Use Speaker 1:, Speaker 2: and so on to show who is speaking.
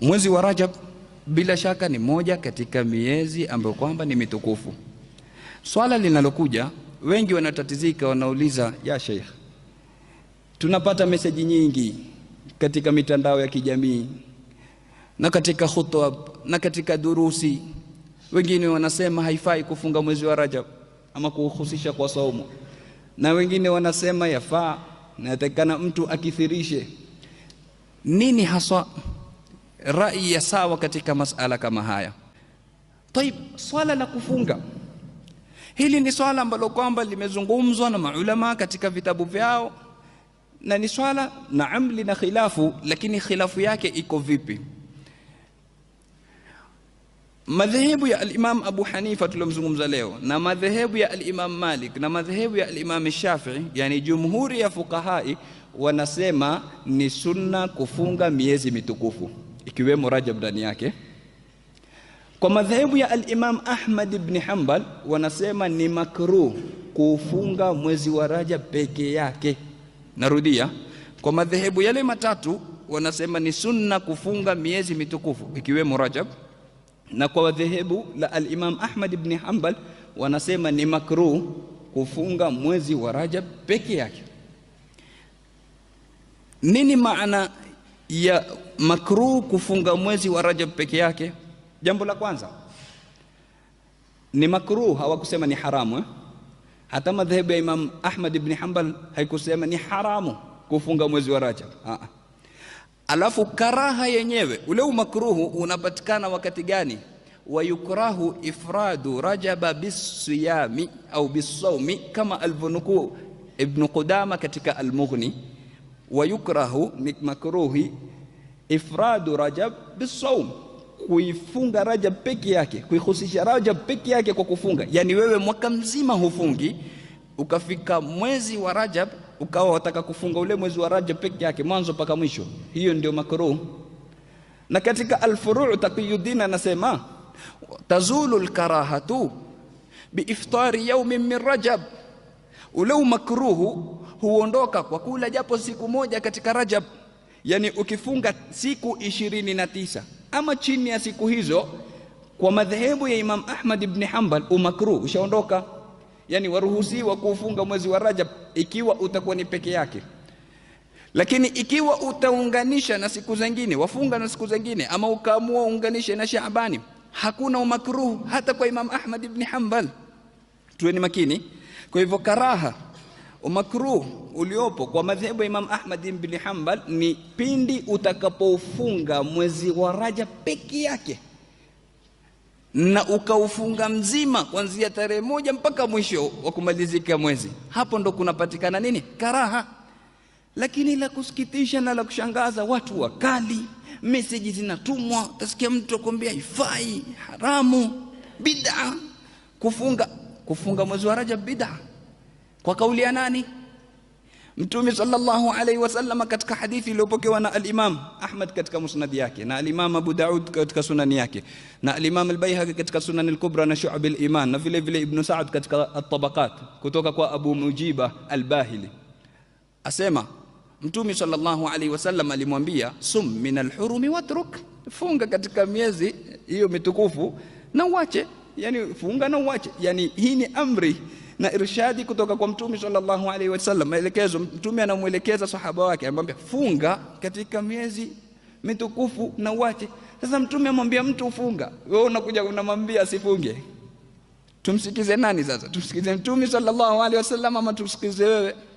Speaker 1: Mwezi wa Rajab bila shaka ni moja katika miezi ambayo kwamba ni mitukufu. Swala linalokuja, wengi wanatatizika, wanauliza ya Sheikh, tunapata meseji nyingi katika mitandao ya kijamii na katika khutwa na katika durusi, wengine wanasema haifai kufunga mwezi wa Rajab ama kuhusisha kwa saumu, na wengine wanasema yafaa, natakana mtu akithirishe. Nini haswa rai ya sawa katika masala kama haya. Taib, swala la kufunga hili ni swala ambalo kwamba limezungumzwa na maulama katika vitabu vyao, na ni swala naam, lina khilafu, lakini khilafu yake iko vipi? Madhehebu ya alimam Abu Hanifa tulomzungumza leo na madhehebu ya alimam Malik na madhehebu ya al Shafi'i, yani jumhuri ya fuqahai wanasema ni sunna kufunga miezi mitukufu ikiwemo Rajab ndani yake. Kwa madhehebu ya al-Imam Ahmad ibn Hanbal wanasema ni makruh kufunga mwezi wa Rajab peke yake. Narudia, kwa madhehebu yale matatu wanasema ni sunna kufunga miezi mitukufu ikiwemo Rajab, na kwa madhehebu la al-Imam Ahmad ibn Hanbal wanasema ni makruh kufunga mwezi wa Rajab peke yake. Nini maana ya makruh kufunga mwezi wa Rajab peke yake? Jambo la kwanza ni makruh, hawakusema ni haramu eh? Hata madhehebu ya Imam Ahmad ibn Hanbal haikusema ni haramu kufunga mwezi wa Rajab ah. ah. Alafu karaha yenyewe, ule umakruhu unapatikana wakati gani? wayukrahu ifradu rajaba bisiyami au bisawmi kama alivyonuku Ibn Qudama katika Almughni. Wayukrahu ni makruhi ifradu Rajab bisaum, kuifunga Rajab peke yake, kuihusisha Rajab peke yake kwa kufunga. Yani wewe mwaka mzima hufungi, ukafika mwezi wa Rajab ukawa wataka kufunga ule mwezi wa Rajab peke yake mwanzo mpaka mwisho, hiyo ndio makruh. Na katika alfuruu Taqiyuddin anasema tazulu lkarahatu biiftari yaumin min Rajab, ule umakruhu huondoka kwa kula japo siku moja katika Rajab yani ukifunga siku ishirini na tisa ama chini ya siku hizo kwa madhehebu ya Imam Ahmad ibn Hanbal umakruh ushaondoka. Yani waruhusiwa kuufunga mwezi wa Rajab ikiwa utakuwa ni peke yake, lakini ikiwa utaunganisha na siku zingine, wafunga na siku zingine, ama ukaamua uunganishe na Shaabani, hakuna umakruh hata kwa Imam Ahmad ibn Hanbal. Tuweni makini. Kwa hivyo karaha Umakruh uliopo kwa madhehebu ya Imam Ahmad ibn Hanbal ni pindi utakapoufunga mwezi wa Rajab peke yake na ukaufunga mzima kuanzia tarehe moja mpaka mwisho wa kumalizika mwezi, hapo ndo kunapatikana nini? Karaha. Lakini la kusikitisha na la kushangaza, watu wakali, meseji zinatumwa, utasikia mtu akwambia ifai, haramu, bid'a kufunga. Kufunga mwezi wa Rajab bid'a kwa kauli ya nani mtume sallallahu alaihi wasallam katika hadithi iliyopokewa na al-Imam Ahmad katika musnad yake na al-Imam Abu Daud katika sunan yake na al-Imam al-Baihaqi katika sunan al-Kubra na Shu'ab al-Iman na vile vile Ibn Sa'd katika at-Tabaqat kutoka kwa Abu Mujiba al-Bahili asema mtume sallallahu alaihi wasallam alimwambia sum min al-hurumi watruk funga katika miezi hiyo mitukufu na uache yani funga na uache yani hii ni amri na irshadi kutoka kwa Mtume sallallahu alaihi wasallam, maelekezo. Mtume anamwelekeza sahaba wake, anamwambia funga katika miezi mitukufu na uache. Sasa Mtume amwambia mtu ufunga, wewe unakuja unamwambia asifunge. Tumsikize nani sasa? Tumsikize Mtume sallallahu alaihi wasallam ama tumsikize wewe?